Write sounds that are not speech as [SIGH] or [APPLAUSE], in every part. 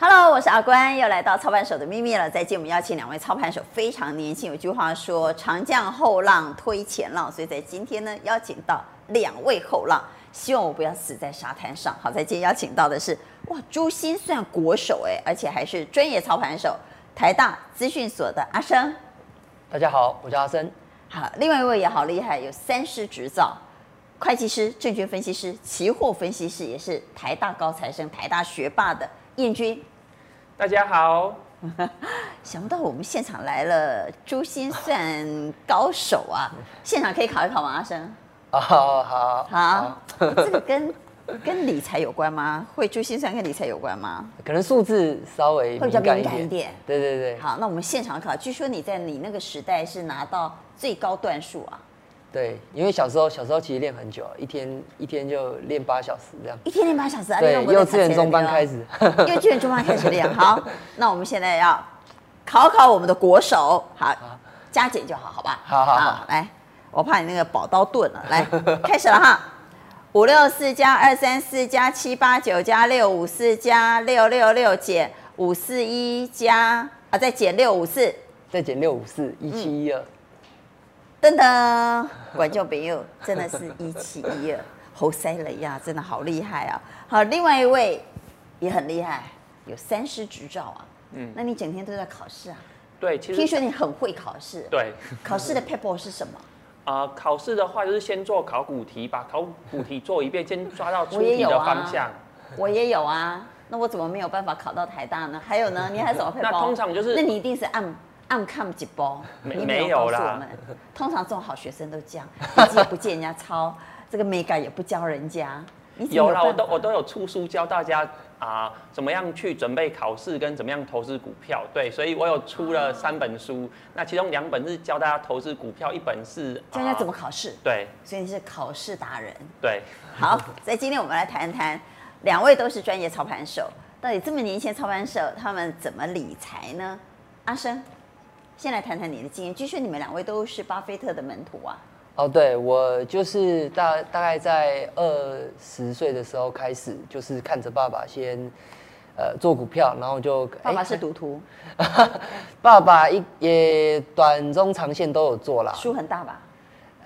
Hello，我是阿關，又來到操盤手的秘密了。在今天我們邀請兩位操盤手非常年輕。有句話說“長江後浪推前浪”，所以在今天呢，邀請到兩位後浪，希望我不要死在沙灘上。好，在今天邀請到的是哇，珠心算國手誒、欸，而且還是專業操盤手，台大資訊所的阿升。大家好，我叫阿升。好，另外一位也好厲害，有三師執照，會計師、證券分析師、期貨分析師，也是台大高材生、台大學霸的。彥君，大家好！ [LAUGHS] 想不到我們現場來了珠心算高手啊！現場可以考一考嗎？阿升？哦、oh, oh,，oh, oh. 好，好， [LAUGHS] 啊、這個跟跟理財有關嗎？會珠心算跟理財有關嗎？可能數字稍微會比較敏感一點。對對對。好，那我們現場考。據說你在你那個時代是拿到最高段數啊？對，因為小時候小時候其實練很久啊，一天一天就練八小時這樣。一天練八小時啊？對，幼稚園中班開始。 [LAUGHS] 幼稚園中班開始練。好，那我們現在要考考我們的國手，好，啊，加減就好，好吧？好好好，好，好，來，我怕你那個寶刀鈍了，來，開始了哈，五六四加二三四加七八九加六五四加六六六減五四一加啊，再減六五四，再減六五四，一七一二。等等，管教朋友真的是一七一二？ [LAUGHS] 猴塞雷呀，真的好厲害啊！好，另外一位也很厲害，有三師執照啊。嗯，那你整天都在考試啊？對，其實聽說你很會考試。對，考試的 paper 是什麼？啊、呃，考試的話就是先做考古題，把考古題做一遍，先抓到出題的方向。我也有啊、 [LAUGHS] 我也有啊。那我怎麼沒有辦法考到台大呢？還有呢？你還有什麼？那通常就是……那你一定是按。俺看不起包，沒有啦，通常這種好學生都這樣，自己也不見人家抄， [LAUGHS] 這個美感也不教人家。有了，我都我都有出書教大家啊、呃，怎麼樣去準備考試，跟怎麼樣投資股票。對，所以我有出了三本書，哦、那其中兩本是教大家投資股票，一本是、呃、教人家怎麼考試。對，所以你是考試達人。對，好，所以今天我們來談談，兩位都是專業操盤手，到底這麼年輕操盤手，他們怎麼理財呢？阿升。先來談談你的經驗。據說你們兩位都是巴菲特的門徒啊？哦，對，我就是大大概在二十歲的時候開始，就是看着爸爸先、呃，做股票，然後就爸爸是賭徒，欸、 [LAUGHS] 爸爸一也短中長線都有做了，輸很大吧？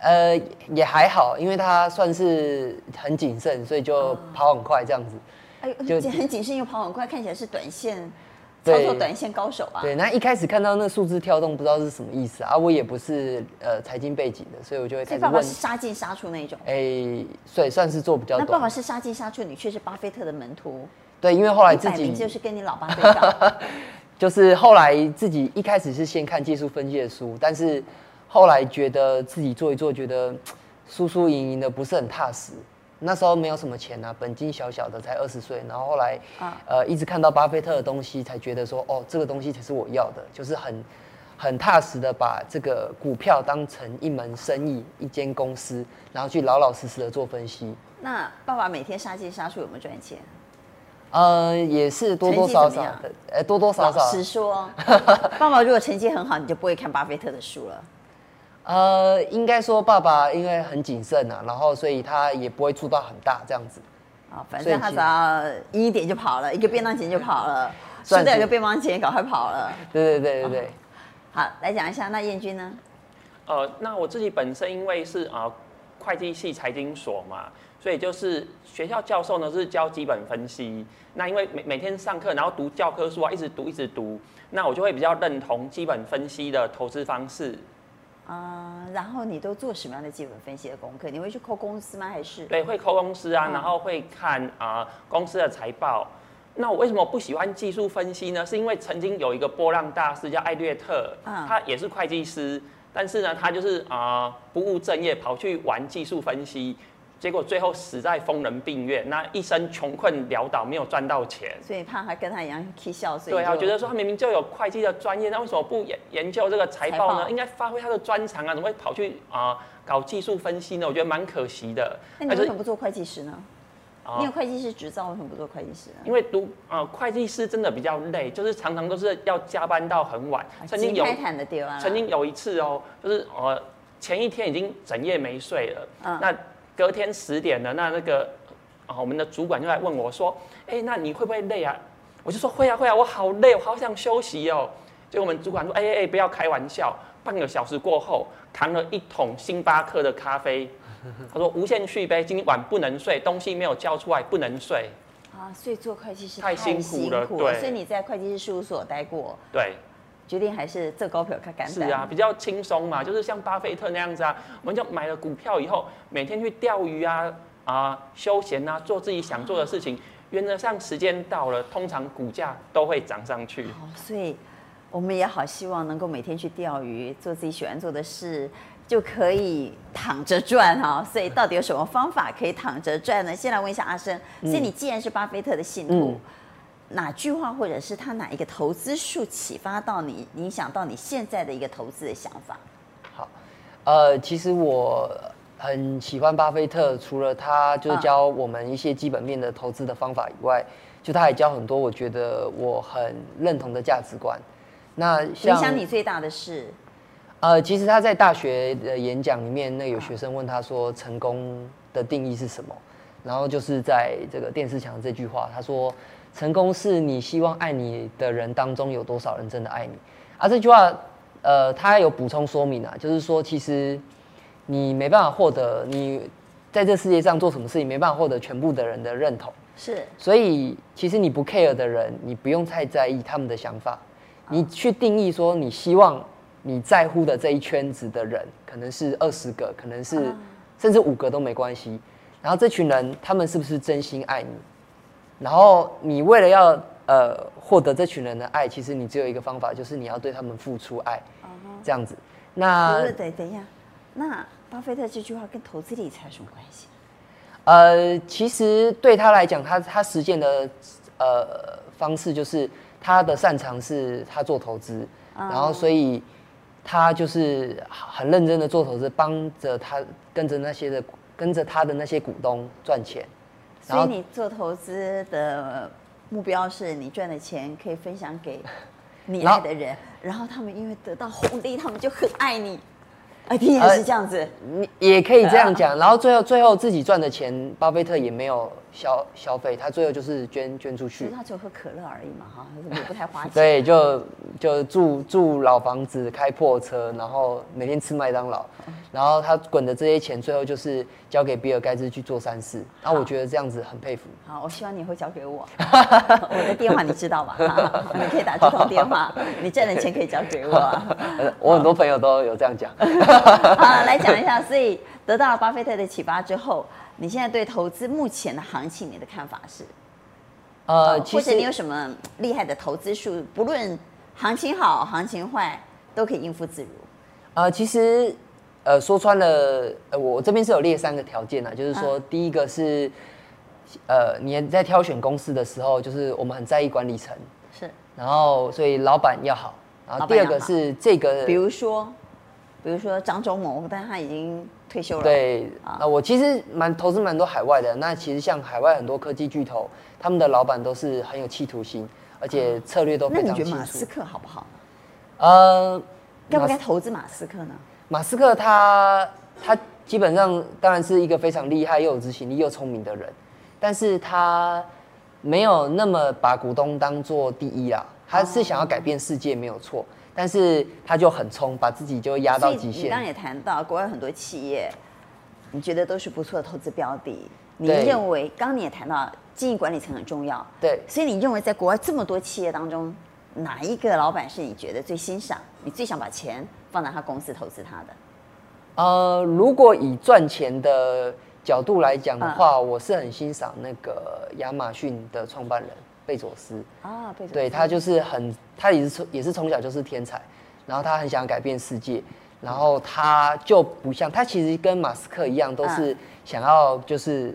呃，也還好，因為他算是很謹慎，所以就跑很快這樣子。啊、哎呦，就很謹慎又跑很快，看起來是短線。操作短線高手啊！對，那一開始看到那數字跳動，不知道是什麼意思啊！我也不是呃財經背景的，所以我就會開始問。爸爸是殺進殺出那種。哎、欸，所以算是做比較多。那爸爸是殺進殺出你，你卻是巴菲特的門徒。對，因為後來自己。就是跟你老爸對。 [LAUGHS] 就是後來自己一開始是先看技術分析的書，但是後來覺得自己做一做，覺得輸輸贏贏的不是很踏實。那時候沒有什麼錢啊，本金小小的，才二十歲。然後後來、啊，呃，一直看到巴菲特的東西，才覺得說，哦，這個東西才是我要的，就是很，很踏實的把這個股票當成一門生意，一間公司，然後去老老實實的做分析。那爸爸每天殺雞殺豬有沒有賺錢？嗯、呃，也是多多少少。成績怎麼樣？呃、欸，多多少少。老實說， [LAUGHS] 爸爸如果成績很好，你就不會看巴菲特的書了。呃，應該說爸爸因為很謹慎呐、啊，然後所以他也不會出到很大這樣子。啊，反正他只要一,一點就跑了，一個便當錢就跑了，順帶一個便當錢趕快跑了。對對對對，對好，好，來講一下那彥鈞呢？呃，那我自己本身因為是啊、呃、會計系財經所嘛，所以就是學校教授呢是教基本分析。那因為每每天上課，然後讀教科書啊，一直讀一直讀，那我就會比較認同基本分析的投資方式。嗯，然後你都做什麼樣的基本分析的功課？你會去 call 公司嗎？還是對，會 call 公司啊、嗯，然後會看啊、呃、公司的財報。那我為什麼不喜歡技術分析呢？是因為曾經有一個波浪大師叫艾略特，他也是會計師，但是呢，他就是啊、呃、不務正業，跑去玩技術分析。結果最後死在瘋人病院，那一生窮困潦倒，沒有賺到錢。所以，怕還跟他一樣起笑死。對、啊，我覺得說他明明就有會計的專業，那為什麼不研研究這個財報呢？報應該發揮他的專長啊，怎麼會跑去啊、呃、搞技術分析呢？我覺得蠻可惜的。那你為什麼不做會計師呢、啊？你有會計師執照，為什麼不做會計師？因為讀啊、呃、會計師真的比較累，就是常常都是要加班到很晚。曾經有，啊、經開曾經有一次哦，嗯、就是呃前一天已經整夜沒睡了，嗯、那。隔天十點了，那那個啊、哦，我們的主管就來問我說：“哎、欸，那你會不會累啊？”我就說：“會啊，會啊，我好累，我好想休息哦。”結果我們主管說：“哎哎哎，不要開玩笑。”半個小時過後，扛了一桶星巴克的咖啡，他說：“無限續杯，今晚不能睡，東西沒有交出來，不能睡啊。”所以做會計師太辛苦了，對。所以你在會計師事務所待過，對。決定還是做股票更簡單。是啊，比較輕鬆嘛、嗯，就是像巴菲特那樣子啊，我們就買了股票以後，每天去釣魚啊啊、呃，休閒啊，做自己想做的事情。啊、原則上時間到了，通常股價都會漲上去。所以，我們也好希望能夠每天去釣魚，做自己喜歡做的事，就可以躺着賺哈。所以，到底有什麼方法可以躺着賺呢？先來問一下阿升。所以你既然是巴菲特的信徒。嗯嗯哪句話，或者是他哪一個投資術啟發到你，影響到你現在的一個投資的想法？好，呃，其實我很喜歡巴菲特，除了他就是教我們一些基本面的投資的方法以外，嗯，就他還教很多我覺得我很認同的價值觀。那影響你最大的是？呃，其實他在大學的演講裡面，那有學生問他說，成功的定義是什麼？然後就是在這個電視牆這句話，他說：“成功是你希望愛你的人當中有多少人真的愛你。”啊，這句話，呃，他有補充說明啊，就是說其實你沒辦法獲得，你在這世界上做什麼事情沒辦法獲得全部的人的認同，是。所以其實你不 care 的人，你不用太在意他們的想法。你去定義說你希望你在乎的這一圈子的人，可能是二十個，可能是甚至五個都沒關係。然後這群人他們是不是真心愛你？然後你為了要呃獲得這群人的愛，其實你只有一個方法，就是你要對他們付出愛，Uh-huh. 這樣子。那等等一下，那巴菲特這句話跟投資理財有什麼關係？呃，其實對他來講，他他實踐的呃方式就是他的擅長是他做投資，Uh-huh. 然後所以他就是很認真的做投資，幫着他跟着那些的。跟着他的那些股東賺錢，所以你做投資的目標是你賺的錢可以分享給你愛的人 [LAUGHS] 然，然後他們因為得到紅利，他們就很愛你。哎、欸，也是這樣子、啊，你也可以這樣講。然後最後，最後自己賺的錢，巴菲特也沒有消消費，他最後就是捐捐出去。其實他只有喝可樂而已嘛，哈，也不太花錢。對，就就住住老房子，開破車，然後每天吃麥當勞，然後他滾的這些錢，最後就是交給比爾蓋茨去做善事。那我覺得這樣子很佩服。好，好我希望你會交給我， [LAUGHS] 我的電話你知道吧、 [LAUGHS] 啊？你可以打這通電話，你賺的錢可以交給我。我很多朋友都有這樣講。 [LAUGHS] 好， [LAUGHS] 來講一下。所以得到了巴菲特的啟發之後，你現在對投資目前的行情你的看法是？呃，其實，或者你有什麼厲害的投資術？不論行情好行情壞，都可以應付自如。呃，其實，呃，說穿了，呃，我這邊是有列三個條件啊，就是說，啊，第一個是，呃，你在挑選公司的時候，就是我們很在意管理層，是。然後，所以老板要好。然後第二個是這個，比如說。比如說張忠謀，但他已經退休了。對，啊，啊我其實蠻投資蠻多海外的。那其實像海外很多科技巨頭，他們的老闆都是很有企圖心、啊，而且策略都非常清楚。那你覺得馬斯克好不好？呃，該不該投資馬斯克呢？馬斯克他他基本上當然是一個非常厲害又有執行力又聰明的人，但是他沒有那麼把股東當做第一啊。他是想要改變世界，嗯嗯沒有錯。但是他就很衝，把自己就壓到極限。所以你剛也談到國外很多企業，你覺得都是不錯的投資標的。你認為剛你也談到經營管理層很重要。對。所以你認為在國外這麼多企業當中，哪一個老闆是你覺得最欣賞？你最想把錢放在他公司投資他的？呃，如果以賺錢的角度來講的話、呃，我是很欣賞那個亞馬遜的創辦人。貝佐斯啊，貝佐斯，對，他就是很，他也是也是從小就是天才，然後他很想改變世界，然後他就不像他其實，跟馬斯克一樣，都是想要就是，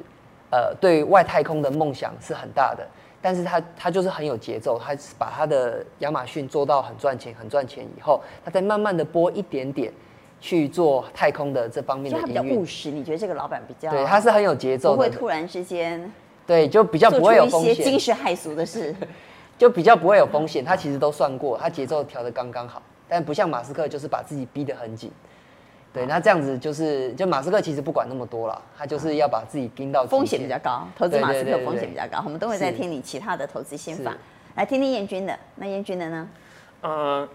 啊、呃，對外太空的夢想是很大的，但是他他就是很有節奏，他把他的亞馬遜做到很賺錢很賺錢以後，他再慢慢的播一點點去做太空的這方面的音樂。所以他比較務實，你覺得這個老板比較？對，他是很有節奏，不會突然之間。對，就比較不會有風險，驚世駭俗的事， [LAUGHS] 就比較不會有風險。他其實都算過，他節奏調得剛剛好，但不像馬斯克，就是把自己逼得很緊。對、啊，那這樣子就是，就馬斯克其實不管那麼多了，他就是要把自己逼到、啊、風險比較高，投資馬斯克風險比較高，對對對對對。我們都會再聽你其他的投資心法，來聽聽彥鈞的。那彥鈞的呢？呃。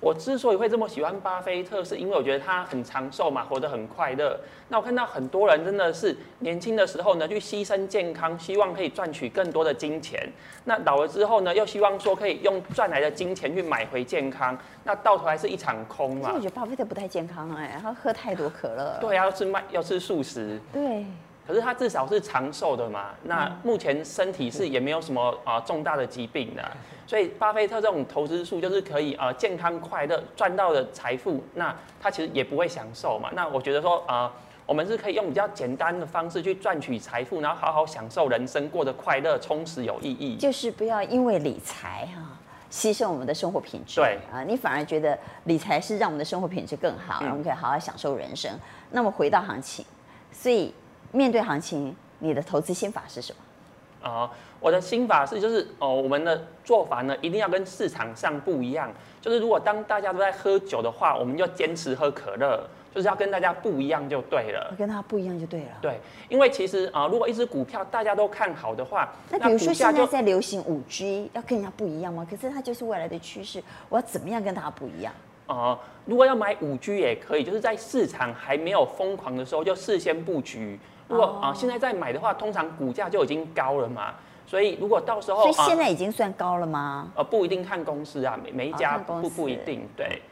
我之所以會這麼喜歡巴菲特，是因為我覺得他很長壽嘛，活得很快樂。那我看到很多人真的是年輕的時候呢，去犧牲健康，希望可以賺取更多的金錢。那老了之後呢，又希望說可以用賺來的金錢去買回健康。那到頭來是一場空嘛。我覺得巴菲特不太健康，哎，他喝太多可樂，啊。對啊，要吃麥，要吃素食。對。可是他至少是長壽的嘛，那目前身體是也沒有什麼啊、嗯呃、重大的疾病的、啊，所以巴菲特這種投資術就是可以啊、呃、健康快樂賺到的財富，那他其實也不會享受嘛。那我覺得說啊、呃，我們是可以用比較簡單的方式去賺取財富，然後好好享受人生，過得快樂、充實、有意義。就是不要因為理財哈、啊，犧牲我們的生活品質。對啊，你反而覺得理財是讓我們的生活品質更好，嗯、然後我們可以好好享受人生。那麼回到行情，所以。面對行情，你的投資心法是什麼？啊、呃，我的心法是就是哦、呃，我們的做法呢，一定要跟市場上不一樣。就是如果當大家都在喝酒的話，我們就堅持喝可樂，就是要跟大家不一樣就對了。跟它不一樣就對了。對，因為其實啊、呃，如果一支股票大家都看好的話，那比如說現在在流行五 G，要跟人家不一樣嗎？可是它就是未來的趨勢，我要怎麼樣跟它不一樣？啊、呃，如果要買五 G 也可以，就是在市場還沒有瘋狂的時候就事先布局。如果啊、呃，現在再買的話，通常股價就已經高了嘛。所以如果到時候，所以現在已經算高了嗎？呃，不一定看公司啊，每,每一家不、哦、不,不一定。對，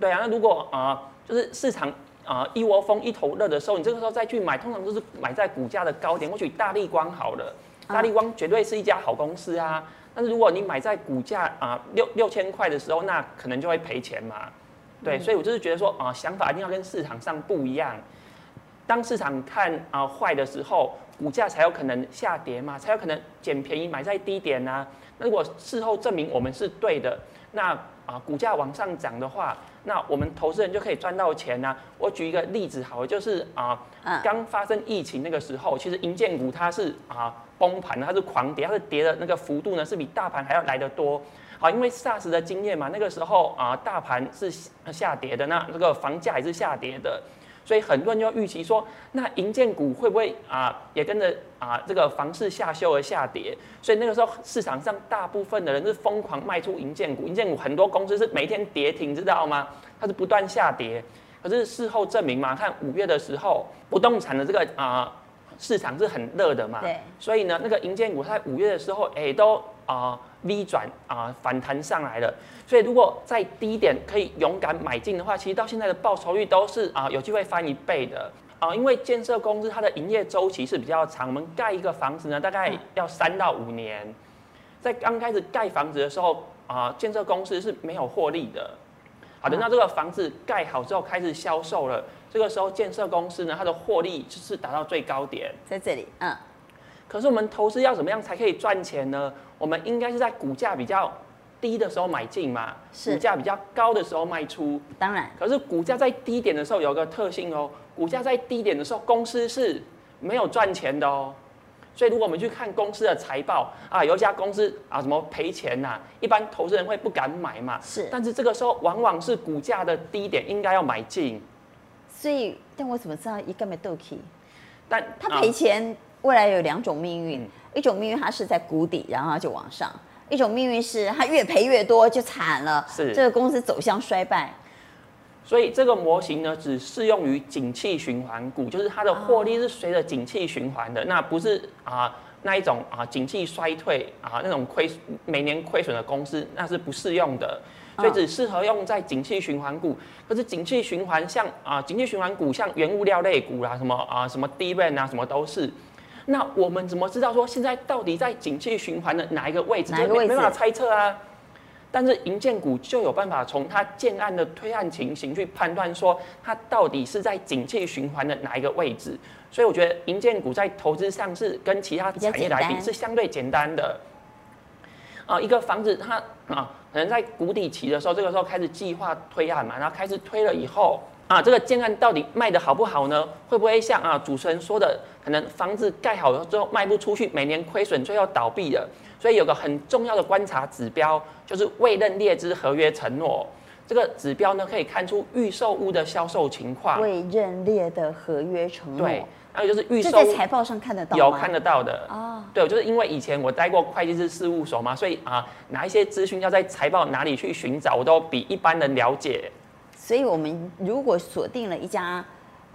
對啊。那如果啊、呃，就是市場啊、呃、一窩蜂、一頭熱的時候，你這個時候再去買，通常都是買在股價的高點。或許大立光好了，大立光絕對是一家好公司啊。但是如果你買在股價啊六六千塊的時候，那可能就會賠錢嘛。對，嗯、所以我就是覺得說啊、呃，想法一定要跟市場上不一樣。當市場看啊壞的時候，股價才有可能下跌嘛，才有可能撿便宜買在低點呢、啊。那如果事後證明我們是對的，那啊股價往上漲的話，那我們投資人就可以賺到錢呢、啊。我舉一個例子好了，就是啊剛發生疫情那個時候，其實營建股它是啊崩盤，它是狂跌，它是跌的那個幅度呢是比大盤還要來得多。好，因為 SARS 的經驗嘛，那個時候啊大盤是下跌的，那那個房價也是下跌的。所以很多人就預期說，那營建股會不會啊、呃、也跟着啊、呃、這個房市下修而下跌？所以那個時候市場上大部分的人是瘋狂賣出營建股，營建股很多公司是每天跌停，知道嗎？它是不斷下跌。可是事後證明嘛，看五月的時候，不動產的這個啊、呃、市場是很熱的嘛，對，所以呢那個營建股在五月的時候，哎都啊。呃 V 轉啊反彈上來了，所以如果在低點可以勇敢買進的話，其實到現在的報酬率都是啊有機會翻一倍的啊。因為建設公司它的營業週期是比較長，我們蓋一個房子呢大概要三到五年，在剛開始蓋房子的時候啊，建設公司是沒有獲利的。好、啊、的，那這個房子蓋好之後開始銷售了，這個時候建設公司呢它的獲利就是達到最高點，在這裡，嗯。可是我們投資要怎麼樣才可以賺錢呢？我們應該是在股價比較低的時候買進嘛，股價比較高的時候賣出。當然，可是股價在低點的時候有個特性哦，股價在低點的時候，公司是沒有賺錢的哦。所以如果我們去看公司的財報啊，有一家公司啊，什麼賠錢吶、啊，一般投資人會不敢買嘛。是，但是這個時候往往是股價的低點，應該要買進。所以，但我怎麼知道一個沒倒閉？但他賠錢，未來有兩種命運。一種命運，它是在谷底，然後它就往上；一種命運是它越賠越多，就慘了，是這個公司走向衰敗。所以這個模型呢，只適用於景氣循環股，就是它的獲利是隨着景氣循環的、哦。那不是啊、呃，那一種啊、呃，景氣衰退啊、呃，那種虧每年虧損的公司，那是不適用的。所以只適合用在景氣循環股。可是景氣循環像啊、呃，景氣循環股像原物料類股啦，什麼啊，什麼低運、呃、啊，什麼都是。那我們怎麼知道說現在到底在景氣循環的哪一個位置？哪個位置？就是沒、沒，沒辦法猜測啊。但是營建股就有辦法從它建案的推案情形去判斷說它到底是在景氣循環的哪一個位置。所以我覺得營建股在投資上是跟其他產業來比是相對簡單的。比較簡單。啊，一個房子它啊，可能在谷底期的時候，這個時候開始計劃推案嘛，然後開始推了以後。啊，這個建案到底賣得好不好呢？會不會像啊主持人說的，可能房子蓋好了之後賣不出去，每年虧損，最後倒閉了？所以有個很重要的觀察指標就是未認列之合約承諾，這個指標呢可以看出預售屋的銷售情況。未認列的合約承諾。對，然後就是預售。這在財報上看得到嗎？有看得到的啊。對，我就是因為以前我待過會計師事務所嘛，所以啊，哪一些資訊要在財報哪裡去尋找，我都比一般人了解。所以，我們如果鎖定了一家，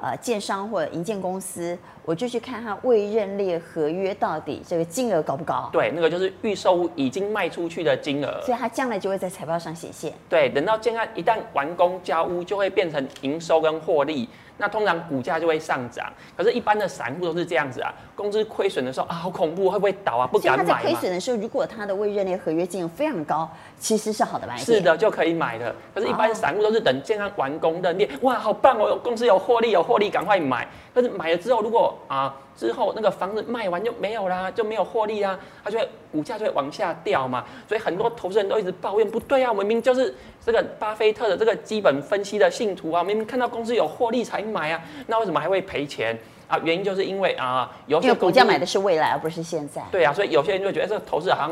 呃，建商或者營建公司，我就去看它未認列合約到底這個金額高不高？對，那個就是預售屋已經賣出去的金額。所以，它將來就會在財報上顯現。對，等到建案一旦完工交屋，就會變成營收跟獲利，那通常股價就會上漲。可是，一般的散戶都是這樣子啊。工資虧損的時候啊，好恐怖，會不會倒啊？不敢買嗎？他在虧損的時候，如果他的未認列合約金額非常高，其實是好的來源，是的，就可以買的。但是一般散戶都是等建案完工的。認列、oh. 哇，好棒哦，公司有獲利，有獲利趕快買。但是買了之後，如果啊之後那個房子賣完就沒有啦，就沒有獲利啊，它就會股價就會往下掉嘛。所以很多投資人都一直抱怨，不對啊，明明就是這個巴菲特的這個基本分析的信徒啊，明明看到公司有獲利才買啊，那為什麼還會賠錢？啊，原因就是因為啊、呃，有些因為，股價買的是未來，而不是現在。對啊，所以有些人就會覺得這個投資好像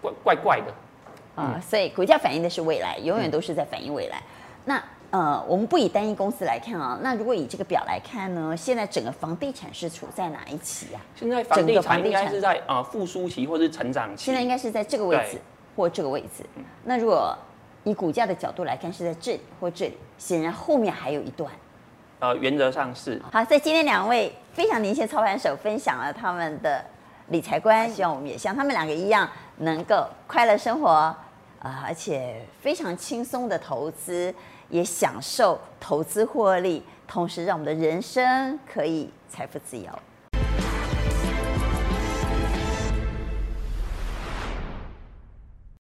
怪怪怪的。啊、嗯呃，所以股價反映的是未來，永遠都是在反映未來。嗯、那呃，我們不以單一公司來看啊，那如果以這個表來看呢，現在整個房地產是處在哪一期啊？現在房地產應該是在啊復甦期或是成長期。現在應該是在這個位置或這個位置。那如果以股價的角度來看是在這裡或這裡，顯然後面還有一段。呃，原則上是好。在今天，兩位非常領先的操盤手分享了他們的理財觀，希望我們也像他們兩個一樣，能夠快樂生活，啊、呃，而且非常輕鬆的投資，也享受投資獲利，同時讓我們的人生可以財富自由。